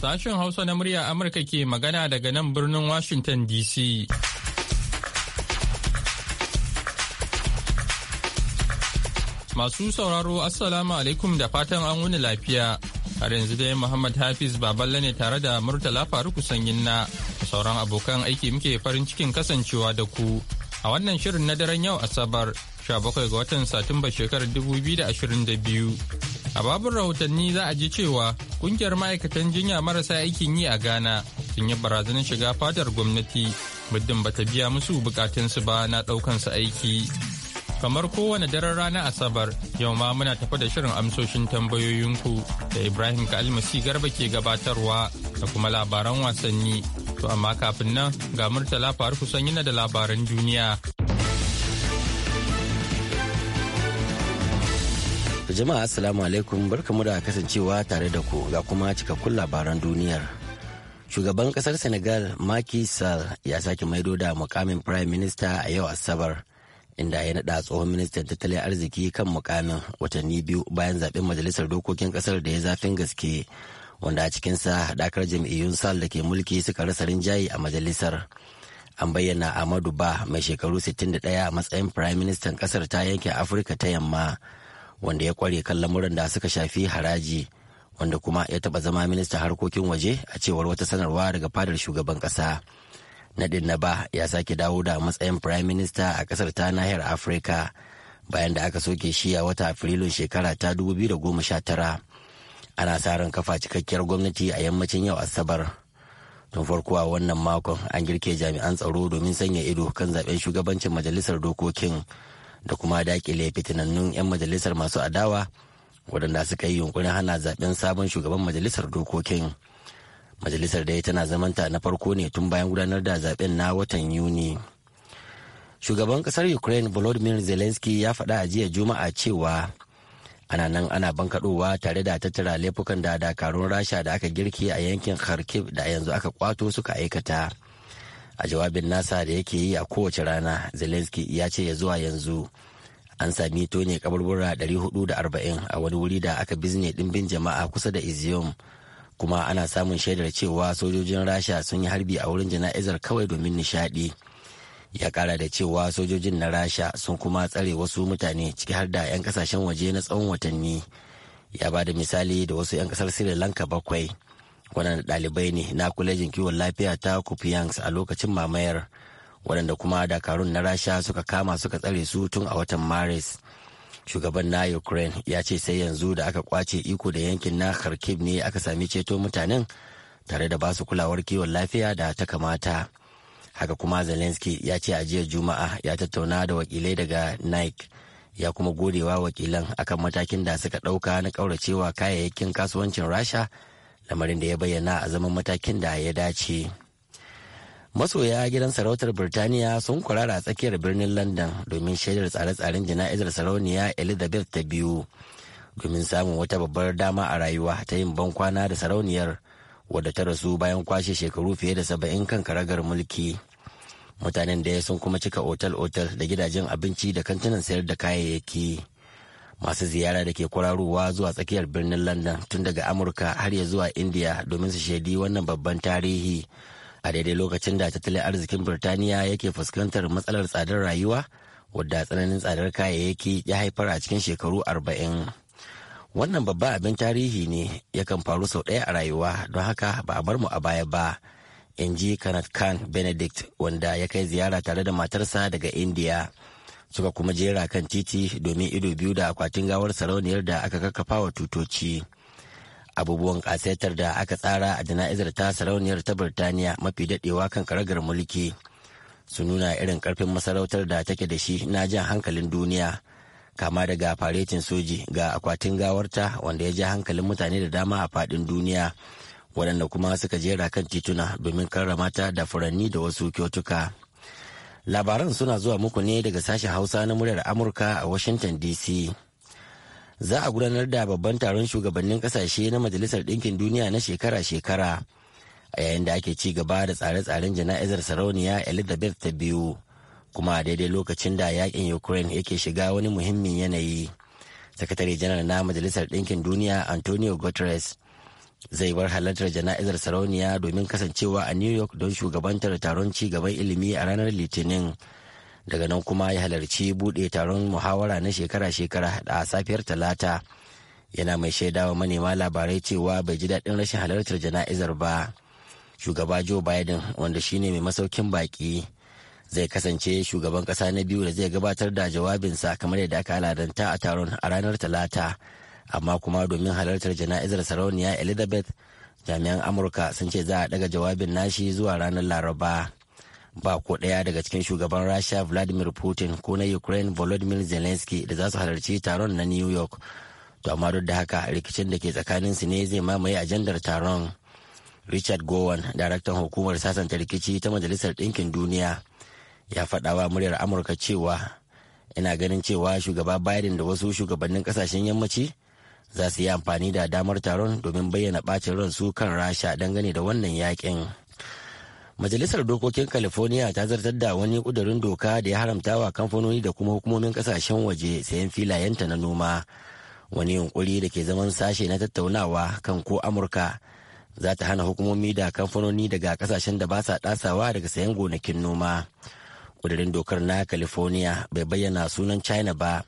Sashen Hausa na murya Amurka ke magana daga nan birnin Washington DC. Masu sauraro Assalamu alaikum da fatan an wuni lafiya. Har yanzu dai Muhammad Hafiz Baballe ne tare da Murtala Faruku Sanyin na sauran abokan aiki muke farin cikin kasancewa da ku a wannan shirin na daren yau Asabar 17 ga watan Satumba shekarar 2022. A babin rahotanni za a ji cewa kungiyar ma'aikatan jinya marasa aikin yi a Ghana sun yi barazanar shiga fadar gwamnati muddin bata biya musu bukatunsu ba na su aiki. kamar kowane daren rana asabar yau ma muna tafi da shirin amsoshin tambayoyinku da ibrahim kalmasi garba ke gabatarwa da kuma labaran wasanni To amma kafin nan ga Murtala faru kusan yana da labaran duniya. Jama'a Assalamu alaikum barkamu da kasancewa tare da ku ga kuma cikakkun labaran duniyar. Shugaban kasar Senegal Macky Sall ya sake maido da mukamin Prime Minister a yau Asabar. inda ya naɗa tsohon ministan tattalin arziki kan mukamin watanni biyu bayan zaɓen majalisar dokokin kasar da ya zafin gaske wanda a cikinsa haɗakar jam'iyyun sal da ke mulki suka rasa rinjaye a majalisar an bayyana amadu ba mai shekaru 61 a matsayin firayim ministan kasar ta yankin afirka ta yamma wanda ya kware kan lamuran da suka shafi haraji wanda kuma ya taɓa zama minista harkokin waje a cewar wata sanarwa daga fadar shugaban ƙasa naɗin na ba ya sake dawo da matsayin firayim minista a ƙasar ta nahiyar afirka bayan da aka soke shi a wata afrilun shekara ta 2019 ana sa ran kafa cikakkiyar gwamnati a yammacin yau asabar tun farko a wannan makon an girke jami'an tsaro domin sanya ido kan zaben shugabancin majalisar dokokin da kuma dakile fitinannun 'yan majalisar masu adawa waɗanda suka yi yunkurin hana zaben sabon shugaban majalisar dokokin majalisar dai tana zamanta na farko ne tun bayan gudanar da zaben na watan yuni shugaban ƙasar ukraine volodymyr zelensky ya faɗa a jiya juma'a cewa ana nan ana bankaɗowa tare da tattara laifukan da dakarun rasha da aka girki a yankin kharkiv da yanzu aka kwato suka aikata a jawabin nasa da yake yi a kowace rana zelensky ya ce ya zuwa yanzu an sami tone kaburbura 440 a wani wuri da aka bizne dimbin jama'a kusa da izium kuma ana samun shaidar cewa sojojin rasha sun yi harbi a wurin jana'izar kawai domin nishadi ya kara da cewa sojojin na rasha sun kuma tsare wasu mutane ciki har da 'yan kasashen waje na tsawon watanni ya ba da misali da wasu 'yan kasar sri lanka bakwai waɗanda ɗalibai ne na kwalejin kiwon lafiya ta kupiyans a lokacin mamayar waɗanda kuma dakarun na rasha suka kama suka tsare su tun a watan maris shugaban na ukraine ya ce sai yanzu da aka kwace iko da yankin na kharkiv ne aka sami ceto mutanen tare da basu kulawar kiwon lafiya da ta kamata haka kuma zelensky ya ce a jiya juma'a ya tattauna da wakilai daga nike ya kuma godewa wakilan akan matakin da suka ɗauka na kauracewa kayayyakin kasuwancin rasha lamarin da ya bayyana a zaman matakin da ya dace masoya gidan sarautar birtaniya sun kwarara a tsakiyar birnin london domin shaidar tsare-tsaren jana'izar sarauniya elizabeth ta biyu domin samun wata babbar dama a rayuwa ta yin ban kwana da sarauniyar wadda ta rasu bayan kwashe shekaru fiye da saba'in kan karagar mulki mutanen da sun kuma cika otal-otal da gidajen abinci da kantinan sayar da kayayyaki masu ziyara da ke kwararowa zuwa tsakiyar birnin london tun daga amurka har ya zuwa india domin su shaidi wannan babban tarihi a daidai lokacin da tattalin arzikin birtaniya yake fuskantar matsalar tsadar rayuwa wadda tsananin tsadar kayayyaki ya haifar a cikin shekaru arba'in wannan babban abin tarihi ne yakan faru sau ɗaya a rayuwa don haka ba a bar mu a baya ba in ji kanat khan benedict wanda ya kai ziyara tare da matarsa daga india suka kuma jera kan titi domin ido biyu da akwatin gawar sarauniyar da aka kakkafa wa tutoci abubuwan kasetar da aka tsara a jana'izar ta sarauniyar ta birtaniya mafi dadewa kan karagar mulki su nuna irin karfin masarautar da take da shi na jan hankalin duniya kama daga faretin soji ga akwatin gawarta wanda ya ji hankalin mutane da dama a faɗin duniya. waɗanda kuma suka jera kan tituna domin karrama ta da furanni da wasu kyautuka. Labaran suna zuwa muku ne daga sashen Hausa na muryar Amurka a Washington DC. Za a gudanar da babban taron shugabannin kasashe na Majalisar Ɗinkin Duniya na shekara-shekara a yayin da ake ci gaba da tsare-tsaren jana'izar sarauniya Elizabeth ta biyu kuma a daidai lokacin da yakin Ukraine yake shiga wani muhimmin yanayi. Sakatare janar na Majalisar Ɗinkin Duniya Antonio Guterres zai bar halartar jana'izar sarauniya domin kasancewa a new york don shugabantar taron ci gaban ilimi a ranar litinin daga nan kuma ya halarci bude taron muhawara na shekara-shekara a safiyar talata yana mai shaida wa manema labarai cewa bai ji daɗin rashin halartar jana'izar ba shugaba joe biden wanda shine mai masaukin baƙi zai kasance shugaban ƙasa na biyu da zai gabatar da jawabinsa kamar yadda aka al'adanta a taron a ranar talata amma kuma domin halartar jana'izar sarauniya elizabeth jami'an amurka sun ce za a daga jawabin nashi zuwa ranar laraba ba ko ɗaya daga cikin shugaban rasha vladimir putin ko na ukraine volodymyr zelensky da za su halarci taron na new york to amma duk da haka rikicin da ke tsakanin su ne zai mamaye ajandar taron richard gowan daraktan hukumar sasanta rikici ta majalisar ɗinkin duniya ya faɗawa muryar amurka cewa ina ganin cewa shugaba biden da wasu shugabannin ƙasashen yammaci za su yi amfani da damar taron domin bayyana bacin ransu kan rasha dangane da wannan yakin majalisar dokokin california ta zartar da wani kudurin doka da ya haramta wa kamfanoni da kuma hukumomin kasashen waje sayan filayenta na noma wani yunkuri da ke zaman sashe na tattaunawa kan ko amurka za ta hana hukumomi da kamfanoni daga kasashen da ba sa dasawa daga sayan gonakin noma kudurin dokar na california bai bayyana sunan china ba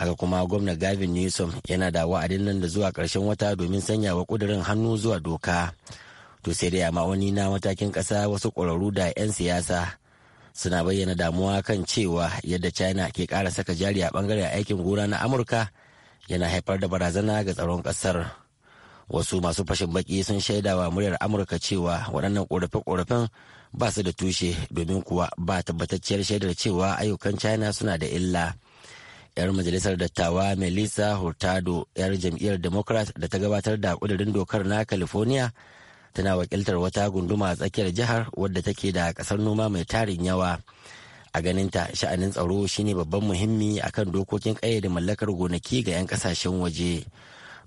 haka kuma gwamna gavin newsom yana da wa'adin nan da zuwa ƙarshen wata domin sanya wa ƙudurin hannu zuwa doka to sai dai amma wani na matakin ƙasa wasu ƙwararru da 'yan siyasa suna bayyana damuwa kan cewa yadda china ke ƙara saka jari a ɓangaren aikin gona na amurka yana haifar da barazana ga tsaron ƙasar wasu masu fashin baki sun shaida wa muryar amurka cewa waɗannan ƙorafe-ƙorafen ba su da tushe domin kuwa ba tabbatacciyar shaidar cewa ayyukan china suna da illa 'yar majalisar dattawa melissa hurtado 'yar jam'iyyar democrat da ta gabatar da kudurin dokar na california tana wakiltar wata gunduma a tsakiyar jihar wadda take da kasar noma mai tarin yawa a ganinta sha'anin tsaro shine babban muhimmi akan dokokin ƙayyade mallakar gonaki ga 'yan kasashen waje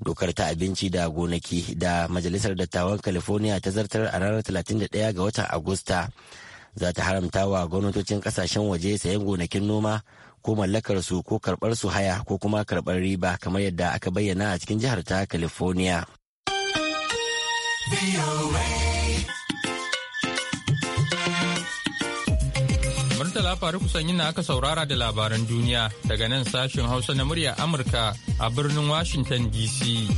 dokar ta abinci da gonaki da majalisar dattawan california ta zartar a ranar 31 ga watan agusta za ta haramta wa gwamnatocin kasashen waje sayan gonakin noma ko mallakar su ko karɓar su haya ko kuma karɓar riba kamar yadda aka bayyana a cikin jihar ta california Murtala faru kusan na aka saurara da labaran duniya daga nan sashen Hausa na murya Amurka a birnin Washington DC.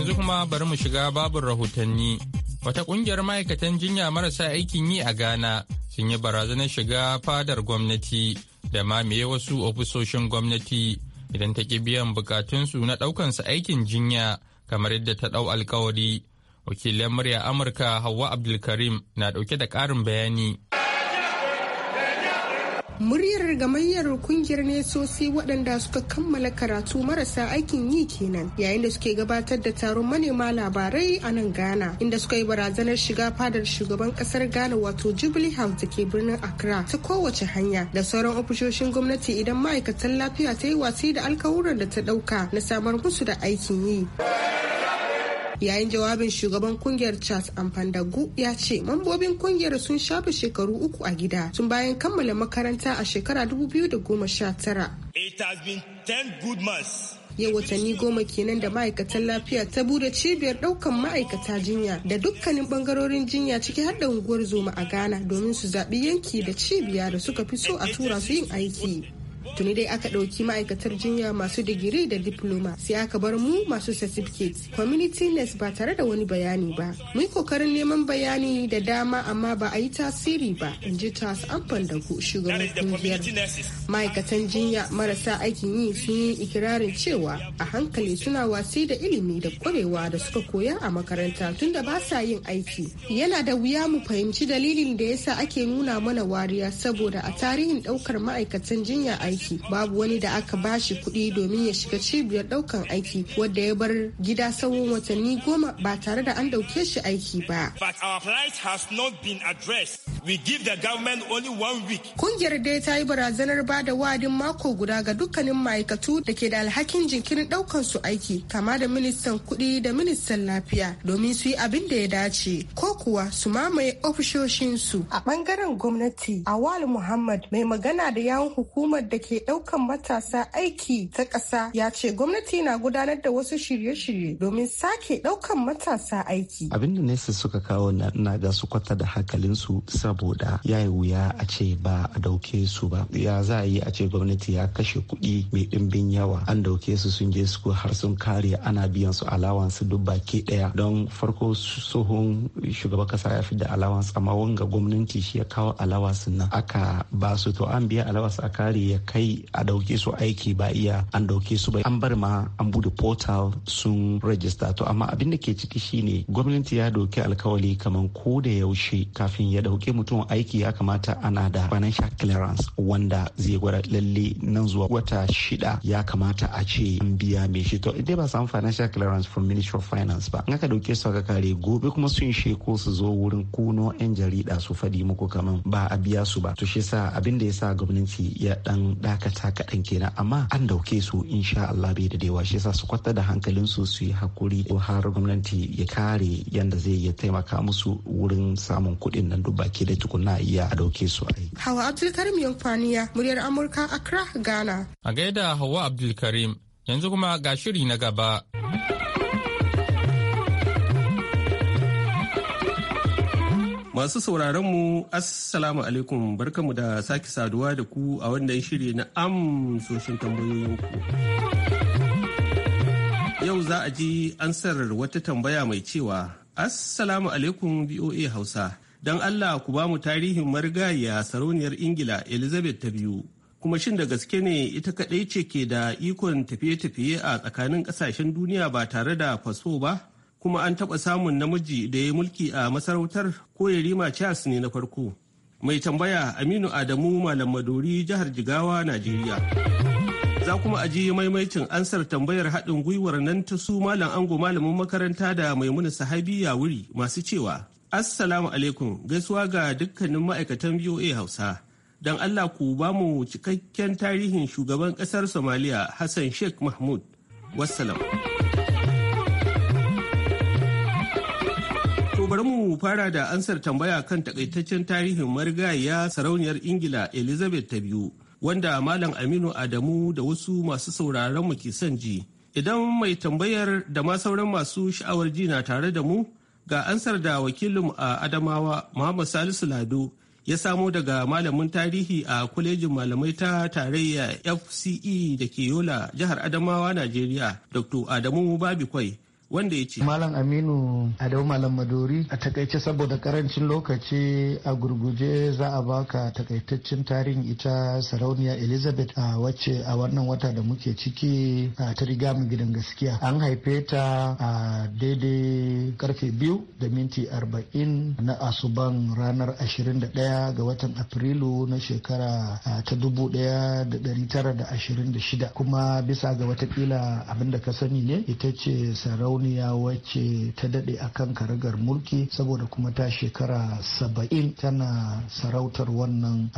yanzu kuma bari mu shiga babin rahotanni. Wata kungiyar ma'aikatan jinya marasa aikin yi a Ghana sun yi barazanar shiga fadar gwamnati da mamaye wasu ofisoshin gwamnati idan ta ƙi biyan bukatunsu na ɗaukan su aikin jinya kamar yadda ta ɗau alkawari. Wakilin murya Amurka Hauwa Abdulkarim na ɗauke da ƙarin bayani. muryar gamayyar kungiyar sosai waɗanda suka kammala karatu marasa aikin yi kenan yayin da suke gabatar da taron manema labarai a nan ghana inda suka yi barazanar shiga fadar shugaban ƙasar ghana wato jubilee house da ke birnin accra ta kowace hanya da sauran ofishoshin gwamnati idan ma'aikatan lafiya ta yi watsi da alkawuran da ta ɗauka na samar musu da aikin yi. yayin jawabin shugaban kungiyar charles amfandagu ya ce mambobin kungiyar sun shafe shekaru uku a gida tun bayan kammala makaranta a shekara 2019 It has been 10 yau watanni goma kenan da ma'aikatan lafiya ta bude cibiyar daukan ma'aikata jinya da dukkanin bangarorin jinya ciki har da unguwar zoma a ghana domin su zaɓi yanki da cibiya da suka fi so a tura su yin aiki tuni dai aka ɗauki ma'aikatar jinya masu digiri da diploma sai aka bar mu masu certificate community nurse ba tare da wani bayani ba mun kokarin neman bayani da dama amma ba a yi tasiri ba in ji tas amfan da ku shugaban kungiyar ma'aikatan jinya marasa aikin yi sun yi ikirarin cewa a hankali suna wasi da ilimi da kwarewa da suka koya a makaranta tunda ba sa yin aiki yana da wuya mu fahimci dalilin da yasa ake nuna mana wariya saboda a tarihin ɗaukar ma'aikatan jinya a aiki babu wani da aka bashi kuɗi domin ya shiga cibiyar ɗaukan aiki wadda ya bar gida tsawon watanni goma ba tare da an ɗauke shi aiki ba. has not the Kungiyar dai ta yi barazanar ba da wa'adin mako guda ga dukkanin ma'aikatu da ke da alhakin jinkirin ɗaukan su aiki kama da ministan kuɗi da ministan lafiya domin su yi abin da ya dace ko kuwa su mamaye ofishoshinsu. A bangaren gwamnati Awal Muhammad mai magana da yawun hukumar da ke daukan matasa aiki ta ƙasa ya ce gwamnati na gudanar da wasu shirye-shirye domin sake daukan matasa aiki. Abin da nesa suka kawo na ga su kwata da hankalinsu saboda ya yi wuya a ce ba a dauke su ba. Ya za a yi a ce gwamnati ya kashe kuɗi mai ɗimbin yawa an dauke su sun je su har sun kare ana biyan su alawansu duk baki ɗaya don farko tsohon shugaban kasa ya fi da alawansu amma wanga gwamnati shi ya kawo alawansu nan aka ba su to an biya alawansu a kare ya kai a dauke su aiki ba iya an dauke su ba an bar ma an bude portal sun rajista to amma abin da ke ciki shine gwamnati ya dauki alkawali kamar ko da yaushe kafin ya dauke mutum aiki ya kamata ana da financial clearance wanda zai gwada lalle nan zuwa wata shida ya kamata a ce an biya mai shi to idan ba san financial clearance from ministry of finance ba in aka dauke su aka kare gobe kuma sun sheko su zo wurin kuno yan jarida su fadi muku kaman ba a biya su ba to shi sa abin da ya sa gwamnati ya dan dakata kaɗan kenan amma an dauke su insha Allah bai da dewa shi yasa su kwata da hankalin su su yi hakuri har gwamnati ya kare yanda zai ya taimaka musu wurin samun kuɗin nan duk baki da tukuna iya a dauke su ai Hawa Abdulkarim Yankwaniya muryar Amurka Accra Ghana. A gaida Hawa Abdulkarim yanzu kuma ga shiri na gaba. Masu sauraronmu, Assalamu alaikum barkamu da sake saduwa da ku a wannan shiri na amsoshin tambayoyinku. Yau za a ji ansar wata tambaya mai cewa, Assalamu alaikum BOA Hausa, don Allah ku ba mu tarihin marigayya sarauniyar Ingila Elizabeth ta biyu. Kuma shin da gaske ne ita kaɗai ce ke da ikon tafiye-tafiye a tsakanin ƙasashen duniya ba tare da faso ba? kuma an taɓa samun namiji da ya mulki a masarautar ko ya rima Charles ne na farko. Mai tambaya Aminu Adamu Malam Maduri jihar Jigawa, Najeriya. Za kuma a ji maimaicin ansar tambayar haɗin gwiwar nan ta su Malam Ango Malamin makaranta da Maimuna Sahabi wuri masu cewa Assalamu alaikum gaisuwa ga dukkanin ma'aikatan VOA Hausa. don Allah ku ba mu cikakken tarihin shugaban ƙasar Somaliya Hassan Sheikh Mahmud. Wassalam. bari mu fara da ansar tambaya kan takaitaccen tarihin marigayya sarauniyar ingila elizabeth ta biyu wanda malam aminu adamu da wasu masu sauraron mu ke son ji idan mai tambayar da ma sauran masu sha'awar ji na tare da mu ga ansar da wakilin a adamawa muhammad salisu lado ya samo daga malamin tarihi a kwalejin malamai ta tarayya fce da ke yola jihar adamawa najeriya dr adamu babikwai wanda ya ce malam aminu adau malam madori a takaice saboda karancin lokaci a gurguje za a baka takaitaccen tarihin ita sarauniya elizabeth a wacce a wannan wata da muke ciki a ta riga mu gidan gaskiya an haife ta a daidai karfe biyu da minti arba'in na asuban ranar daya ga watan afrilu na shekara ta dubu tara da shida kuma bisa ga watakila abinda ka sani ne ita ce sarauniya sarauniya wacce ta daɗe akan karagar mulki saboda kuma ta shekara saba'in tana sarautar wannan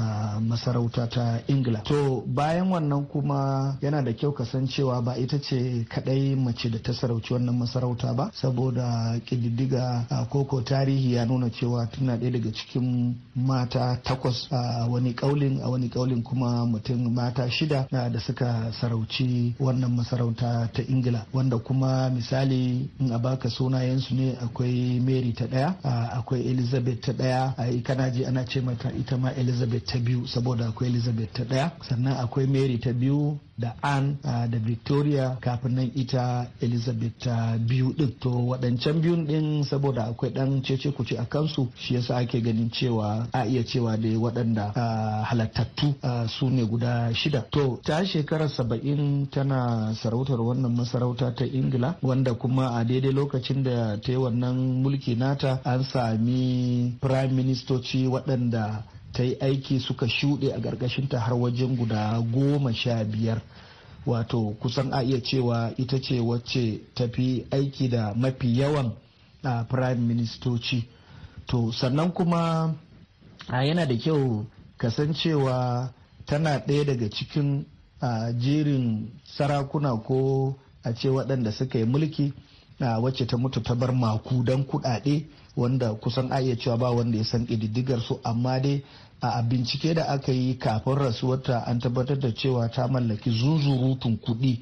masarauta ta ingila to bayan wannan kuma yana da kyau cewa ba ita ce kadai mace da ta sarauci wannan masarauta ba saboda ƙididdiga koko tarihi ya nuna cewa tana ɗaya daga cikin mata takwas a wani kaulin a wani kaulin kuma mutum mata shida da suka sarauci wannan masarauta ta ingila wanda kuma misali in a baka sunayensu ne akwai mary ta daya akwai elizabeth ta daya a kana ji ana ce mata ita ma elizabeth ta biyu saboda akwai elizabeth ta daya sannan akwai mary ta biyu da an ah, da victoria kafin nan ita elizabeth ta ah, biyu din to waɗancan biyun din saboda akwai ɗan cece kuce a kansu shi yasa ake ganin cewa a iya cewa da waɗanda ah, halattattu su ne guda shida to ta shekarar saba'in tana sarautar wannan masarauta ta ingila wanda kuma a daidai lokacin da ta yi wannan mulki nata an sami prime ministoci waɗanda ta yi aiki suka shuɗe a ta har wajen guda goma sha biyar wato kusan a iya cewa ita ce wacce tafi aiki da mafi yawan a prime ministoci to sannan kuma a yana da kyau kasancewa tana ɗaya daga cikin jerin sarakuna ko a ce waɗanda suka yi mulki wacce ta mutu ta bar maku makudan kuɗaɗe wanda kusan a cewa ba wanda ya san ƙididdigar su amma dai a bincike da aka yi kafin rasuwarta an tabbatar da cewa ta mallaki zuzurutun kuɗi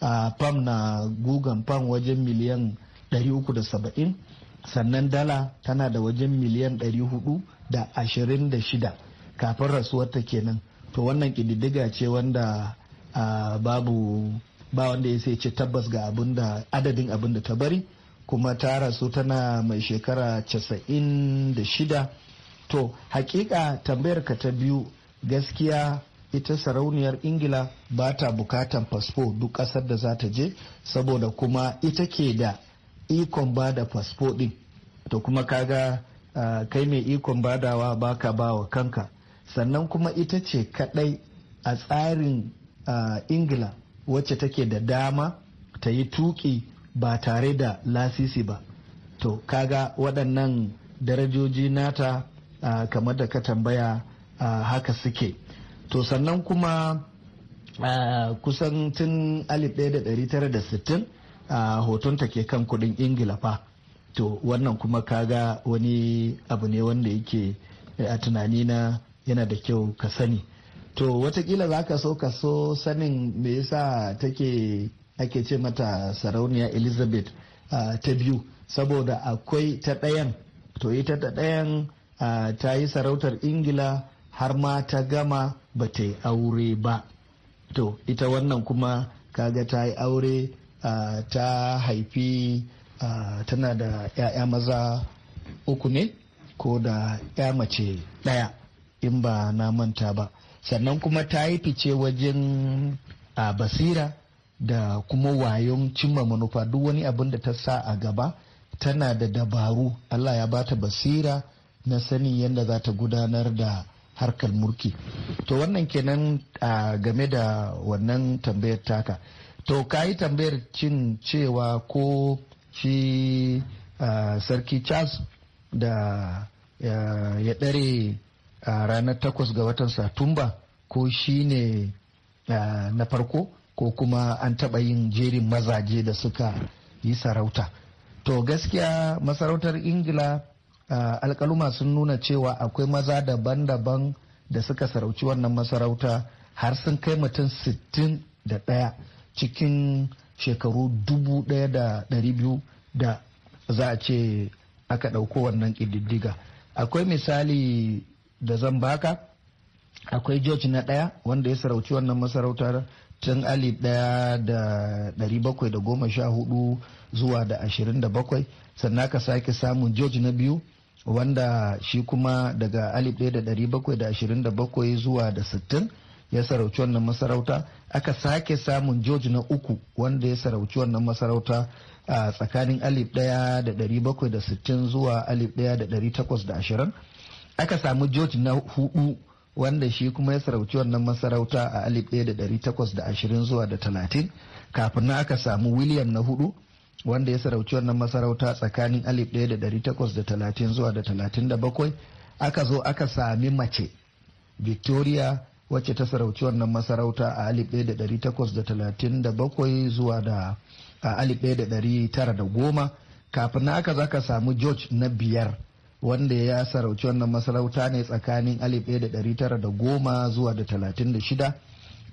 a fam na gugan fam wajen miliyan 370 sannan dala tana da wajen miliyan 426 kafin rasuwarta kenan to wannan ƙididdiga ce wanda babu ba wanda ya sai ce tabbas ga abin da adadin abin da ta bari kuma ta rasu tana mai shekara 96 to hakika tambayar ka ta biyu gaskiya ita sarauniyar ingila ba ta bukatan fasfo duk ƙasar da za ta je saboda kuma ita ke da ikon ba da fasfo din to kuma kaga kai mai ikon badawa baka ba wa kanka sannan kuma ita ce kadai a tsarin uh, ingila wacce take da dama ta yi tuki ba tare da lasisi ba to kaga waɗannan darajoji nata uh, kamar da ka tambaya uh, haka suke to sannan kuma uh, kusan tun 1960 uh, ta ke kan kudin ingila fa to wannan kuma kaga wani abu ne wanda yake a tunanina yana da kyau ka sani to watakila za ka so ka so sanin me yasa take ake ce mata sarauniya elizabeth uh, ta biyu saboda akwai ta ɗayan to ita ta ɗayan uh, ta yi sarautar ingila har ma ta gama ba ta yi aure ba to ita wannan kuma kaga ta yi aure uh, ta haifi uh, tana da 'ya'ya maza uku ne ko da 'ya mace ɗaya in ba na manta ba sannan kuma ta yi fice wajen a basira da kuma wayon cimma manufa duk wani abin da ta sa a gaba tana da dabaru allah ya bata basira na sanin yadda za ta gudanar da harkar mulki to wannan kenan a game da wannan tambayar taka to ka yi tambayar cin cewa ko shi sarki charles da ya ɗare a ranar takwas ga watan satumba ko shi ne na farko ko kuma an taɓa yin jerin mazaje da suka yi sarauta to gaskiya masarautar ingila alkaluma sun nuna cewa akwai maza daban-daban da suka sarauci wannan masarauta har sun kai mutum sittin da ɗaya cikin shekaru dubu ɗaya da ɗari biyu da za a ce aka ɗauko wannan ƙididdiga akwai misali da zan baka akwai george na ɗaya wanda ya sarauci wannan masarautar tun alif ɗaya da ɗari bakwai da goma sha hudu zuwa da ashirin da bakwai sannan ka sake samun george na biyu wanda shi kuma daga alif ɗaya da ɗari bakwai da ashirin da bakwai zuwa da sittin ya sarauci wannan masarauta aka sake samun george na uku wanda ya sarauci wannan masarauta a tsakanin alif ɗaya da ɗari bakwai da sittin zuwa alif ɗaya da ɗari takwas da ashirin aka samu george na hudu wanda shi kuma ya sarauci wannan masarauta a 1820 zuwa da 30 kafin na aka samu william na hudu wanda ya sarauci wannan masarauta tsakanin 1830 zuwa da 37 aka zo aka sami mace victoria wacce ta sarauci wannan masarauta a 1837 zuwa da a 1910 kafin na aka zaka samu george na biyar wanda ya sarauci wannan masarauta ne tsakanin 1910 zuwa da 36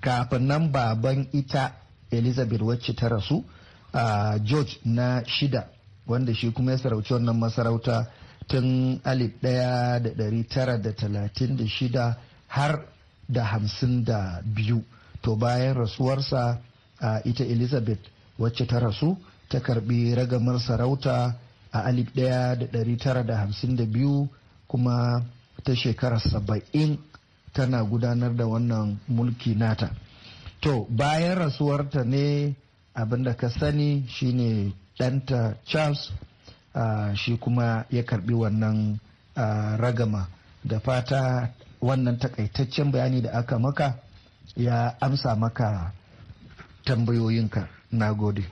kafin nan baban ita elizabeth wacce ta rasu a george na shida wanda shi kuma ya sarauci wannan masarauta tun 1936 har da hamsin da biyu to bayan rasuwarsa a ita elizabeth wacce ta rasu ta karbi ragamar sarauta a 1952 kuma ta shekarar saba'in tana gudanar da wannan mulki nata to bayan rasuwarta ne abinda ka sani shine danta charles uh, shi kuma ya karbi wannan uh, ragama da fata wannan takaitaccen bayani da aka maka ya amsa maka tambayoyinka na gode.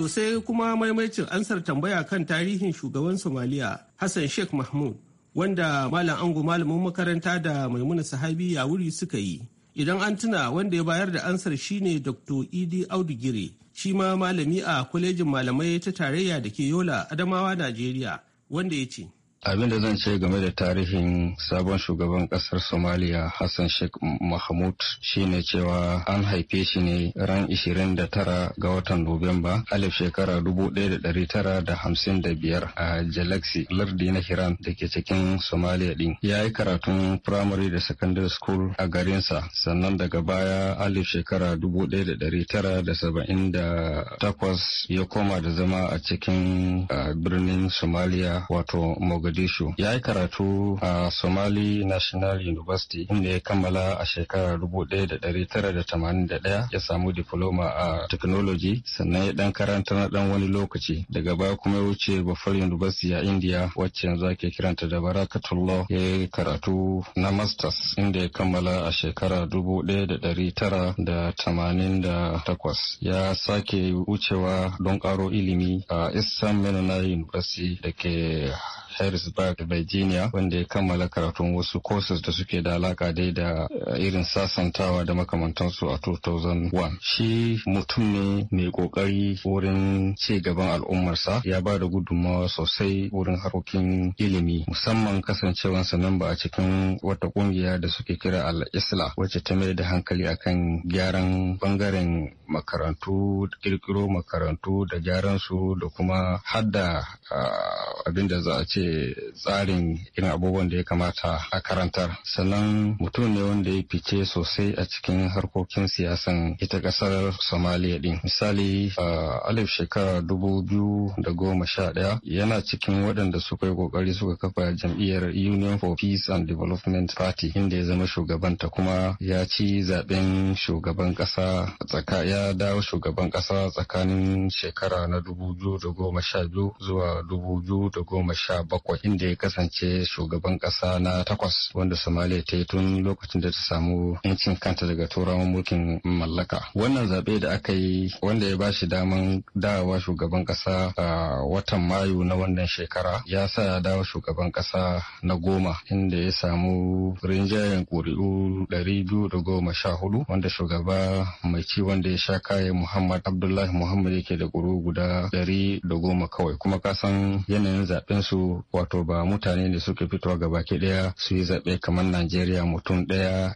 To sai kuma maimaicin ansar tambaya kan tarihin shugaban Somaliya Hassan Sheikh Mahmud wanda Malam Ango malamin makaranta da Maimuna Sahabi ya wuri suka yi. Idan an tuna wanda ya bayar da ansar shine Dr. Idi Audu Gire, shi ma malami a kwalejin malamai ta tarayya da ke Yola, Adamawa, Najeriya, wanda ya ce. abin da zan ce game da tarihin sabon shugaban kasar somaliya hassan sheikh mahmud shine cewa an haife shi ne ran 29 ga watan nuwamba alif shekara 1955 a jalaxy lardi na hiran da ke cikin somaliya din ya yi karatun primary da secondary school a garinsa sannan daga baya alif shekara 1978 ya koma da zama a cikin birnin somaliya wato mogadishu Mogadishu ya yi karatu a Somali National University inda ya kammala a shekarar 1981 ya samu diploma a technology sannan ya dan karanta na dan wani lokaci daga baya kuma ya wuce Bafar University a India wacce yanzu ake kiranta da Barakatullah ya yi karatu na masters inda ya kammala a shekarar 1988 ya sake wucewa don karo ilimi a Eastern Menonai University da ke Harris Pittsburgh da Virginia wanda ya kammala karatun wasu courses da suke da alaka dai da eh, irin sasantawa da makamantansu a 2001. Shi mutum ne mai kokari wurin ci gaban al'ummarsa ya ba da gudummawa sosai wurin harkokin ilimi musamman kasancewansa nan ba a cikin wata kungiya da suke kira al-isla wacce ta mai da hankali akan gyaran bangaren makarantu kirkiro makarantu da gyaran su da kuma hadda ah, abinda za a ce tsarin irin abubuwan da ya kamata a karantar sannan mutum ne wanda ya fice sosai a cikin harkokin siyasan ita kasar somaliya din misali a alif shekara dubu biyu da goma sha ɗaya yana cikin waɗanda suka yi ƙoƙari suka kafa jam'iyyar union for peace and development party inda ya zama shugabanta kuma ya ci zaben shugaban ƙasa tsaka ya dawo shugaban ƙasa tsakanin shekara na dubu biyu da goma sha biyu zuwa dubu biyu sha bakwai inda ya kasance shugaban kasa na takwas wanda Somalia ta yi tun lokacin da ta samu yancin kanta daga turawan mulkin mallaka. Wannan zaɓe da aka yi wanda ya bashi daman dawa shugaban kasa a watan Mayu na wannan shekara ya sa ya dawo shugaban kasa na goma inda ya samu rinjayen ƙuri'u ɗari biyu da goma sha hudu wanda shugaba mai ci wanda ya sha kayan Muhammad Abdullahi Muhammad yake da ƙuri'u guda ɗari da goma kawai kuma kasan yanayin domin zaɓen su wato ba mutane ne suka fitowa ga baki ɗaya su yi zaɓe kamar Najeriya mutum daya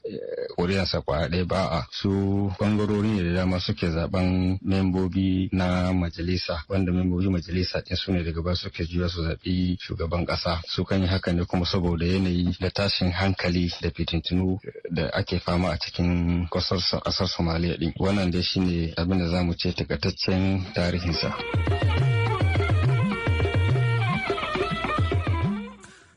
kuriyarsa eh, kwa ɗaya ba a su bangarori ne da dama suke zaɓen membobi na majalisa wanda membobi majalisa ɗin su ne daga ba suke juya su zaɓi shugaban ƙasa su kan yi haka ne kuma saboda yanayi da tashin hankali da fitintinu da ake fama a cikin kasar somaliya ɗin wannan dai shine abin da zamu ce takataccen tarihinsa.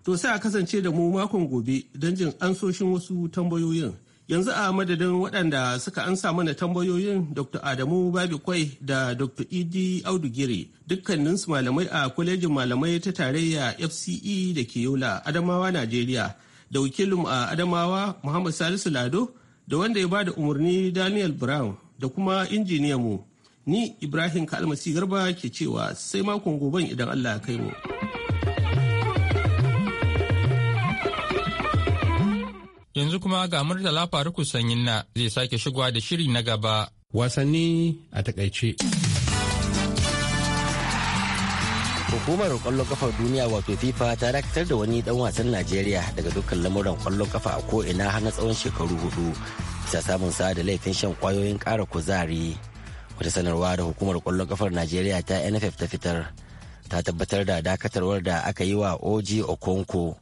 To sai a kasance da mu makon gobe don jin ansoshin wasu tambayoyin. Yanzu a madadin waɗanda suka ansa mana tambayoyin Dr. Adamu Babikwai da Dr. Idi Audu dukkanin dukkaninsu malamai a kwalejin malamai ta tarayya FCE da ke Yola Adamawa Najeriya da wakilin a Adamawa Muhammad Salisu Lado da wanda ya ba da umarni Daniel Brown da kuma injiniyanmu. Ni Ibrahim Kalmasi Garba ke cewa sai makon goben idan Allah ya kai mu. Yanzu kuma ga Murtala Faruku Sanyinna zai sake shigowa da shiri na gaba. Wasanni a takaice. Hukumar kwallon kafar duniya wato FIFA ta dakatar da wani dan wasan Najeriya daga dukkan lamuran kwallon kafa a ko'ina har na tsawon shekaru hudu. Bisa samun sa da laifin shan kwayoyin ƙara kuzari. Wata sanarwa da hukumar kwallon kafar Najeriya ta NFF ta fitar ta tabbatar da dakatarwar da aka yi wa oji Okonko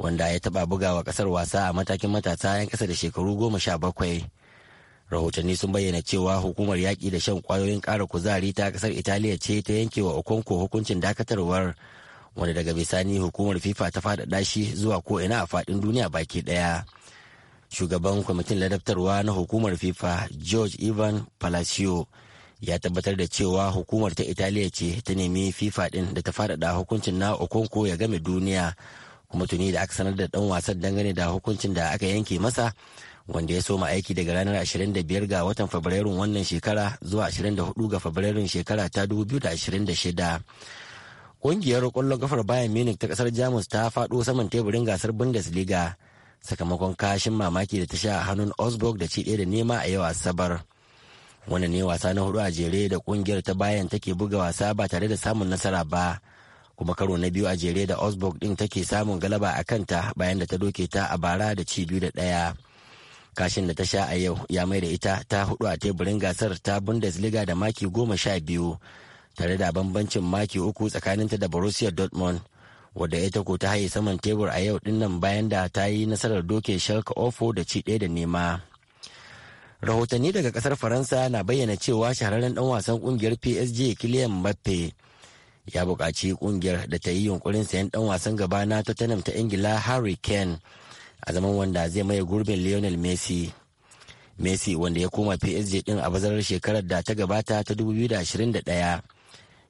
wanda ya taɓa bugawa kasar wasa a matakin matasa 'yan kasa da shekaru goma sha bakwai. Rahotanni sun bayyana cewa hukumar yaƙi da shan ƙwayoyin ƙara kuzari ta kasar Italiya ce ta yanke wa Okonko hukuncin dakatarwar wanda daga bisani hukumar FIFA ta faɗaɗa shi zuwa ko ina a faɗin duniya baki ɗaya. Shugaban kwamitin ladabtarwa na hukumar FIFA George Ivan Palacio ya tabbatar da cewa hukumar ta Italiya ce ta nemi FIFA ɗin da ta faɗaɗa hukuncin na Okonko ya game duniya kuma tuni da aka sanar da dan wasan dangane da hukuncin da aka yanke masa wanda ya soma aiki daga ranar 25 ga watan fabrairun wannan shekara zuwa 24 ga fabrairun shekara ta 2026 Ƙungiyar ƙwallon kafar bayan Munich ta ƙasar Jamus ta faɗo saman teburin gasar Bundesliga sakamakon kashin mamaki da ta sha a hannun Osburg da ci ɗaya da nema a yau Asabar. Wannan ne wasa na hudu a jere da ƙungiyar ta Bayern take buga wasa ba tare da samun nasara ba. kuma karo na biyu a jere da osborg din take samun galaba a kanta bayan da ta doke ta a bara da ci biyu da ɗaya kashin da ta sha a yau ya mai da ita ta hudu a teburin gasar ta bundesliga da maki goma sha biyu tare da bambancin maki uku tsakaninta da borussia dortmund wadda ita ko ta haye saman tebur a yau dinnan bayan da ta yi nasarar doke shalka ofo da ci ɗaya da nema rahotanni daga kasar faransa na bayyana cewa shahararren dan wasan kungiyar psg kiliyan mbappe ya buƙaci ƙungiyar da ta yi yunkurin sayan ɗan wasan gaba na Tottenham ta Ingila Harry Kane a zaman wanda zai maye gurbin Lionel Messi. Messi wanda ya koma PSG ɗin a bazarar shekarar da ta gabata ta 2021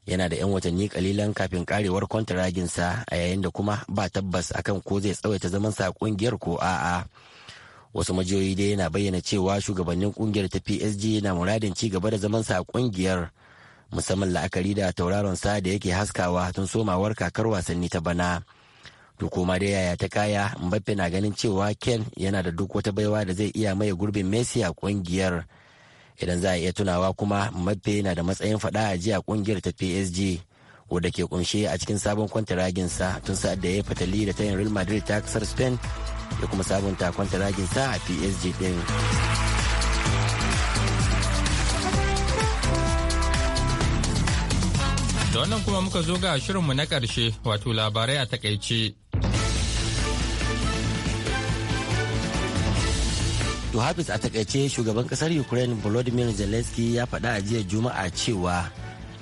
yana da 'yan watanni kalilan kafin karewar kwantaraginsa a yayin da kuma ba tabbas akan ko zai tsawaita zaman sa kungiyar ko a'a. wasu majiyoyi dai yana bayyana cewa shugabannin kungiyar ta psg na muradin ci gaba da zamansa a kungiyar musamman la'akari da tauraron sa da yake haskawa tun somawar kakar wasanni ta bana to koma da yaya ta kaya mbappe na ganin cewa ken yana da duk wata baiwa da zai iya maye gurbin messi a kungiyar idan za a iya tunawa kuma mbappe na da matsayin faɗa a jiya kungiyar ta psg wadda ke kunshe a cikin sabon kwantaraginsa tun sa'ad da ya fatali da tayin real madrid ta kasar spain ya kuma sabunta kwantaragin sa a psg din. Da wannan kuma muka zo ga shirinmu na ƙarshe wato labarai a takaice. To Hafiz a takaice shugaban kasar Ukraine Volodymyr Zelensky ya faɗa a jiya Juma'a cewa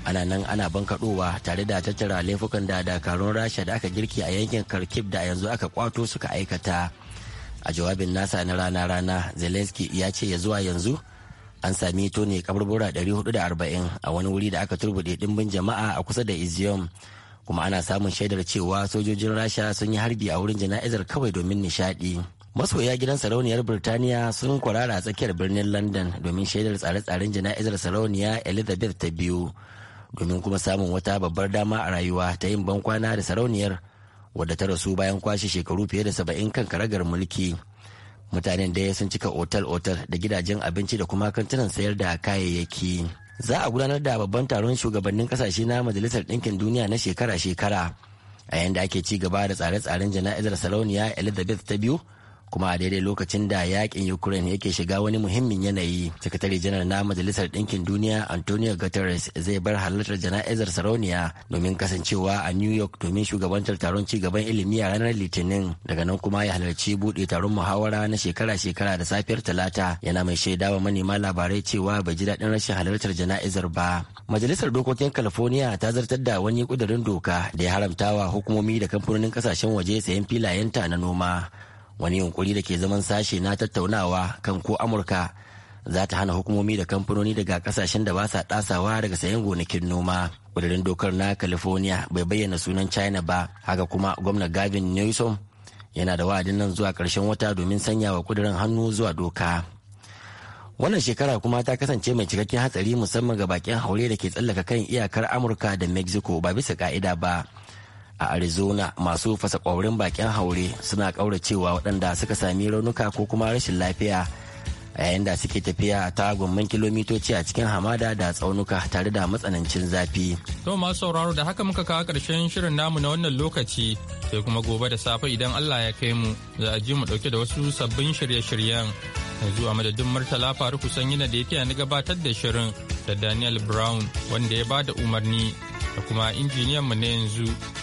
ana nan ana bankaɗowa tare da tattara laifukan da dakarun Rasha da aka girki a yankin Kharkiv da yanzu aka kwato suka aikata. A jawabin nasa na rana-rana Zelensky ya ce ya zuwa yanzu an sami tone kaburbura 440 a wani wuri da aka turbude dimbin jama'a a kusa da izium kuma ana samun shaidar cewa sojojin rasha sun yi harbi a wurin jana'izar kawai domin nishadi masoya gidan sarauniyar birtaniya sun kwarara a tsakiyar birnin london domin shaidar tsare-tsaren jana'izar sarauniya elizabeth ta biyu domin kuma samun wata babbar dama a rayuwa ta yin bankwana da sarauniyar wadda ta rasu bayan kwashe shekaru fiye da saba'in kan karagar mulki mutanen da sun cika otal-otal da gidajen abinci da kuma kantinan sayar da kayayyaki za a gudanar da babban taron shugabannin kasashe na majalisar ɗinkin duniya na shekara-shekara a yanda ake ci gaba da tsare-tsaren jana'izar sarauniya elizabeth ta biyu kuma a daidai lokacin da yakin ukraine yake shiga wani muhimmin yanayi sakatare janar na majalisar ɗinkin duniya antonio guterres zai bar halartar jana'izar sarauniya domin kasancewa a new york domin shugabantar taron ci gaban ilimi a ranar litinin daga nan kuma ya halarci buɗe taron muhawara na shekara-shekara da safiyar talata yana mai shaidawa manema labarai cewa bai ji daɗin rashin halartar jana'izar ba majalisar dokokin california ta zartar da wani ƙudurin doka da ya haramtawa hukumomi da kamfanonin kasashen waje sayan filayenta na noma wani yunkuri da ke zaman sashe na tattaunawa kan ko amurka za ta hana hukumomi da kamfanoni daga kasashen da ba sa dasawa daga sayan gonakin noma ƙudurin dokar na california bai bayyana sunan china ba haka kuma gwamna gavin newsom yana da wa'adin nan zuwa ƙarshen wata domin sanya wa ƙudurin hannu zuwa doka wannan shekara kuma ta kasance mai cikakken hatsari musamman ga bakin haure da ke tsallaka kan iyakar amurka da mexico ba bisa ka'ida ba a arizona masu fasa kwaurin bakin haure suna kauracewa waɗanda suka sami raunuka ko kuma rashin lafiya a yayin da suke tafiya ta gomman kilomitoci a cikin hamada da tsaunuka tare da matsanancin zafi. To masu sauraro da haka muka kawo ƙarshen shirin namu na wannan lokaci sai kuma gobe da safe idan Allah ya kai mu za a ji mu ɗauke da wasu sabbin shirye-shiryen. Yanzu a madadin Murtala Faruku na da ya na gabatar da shirin da Daniel Brown wanda ya ba da umarni da kuma injiniyan mu na yanzu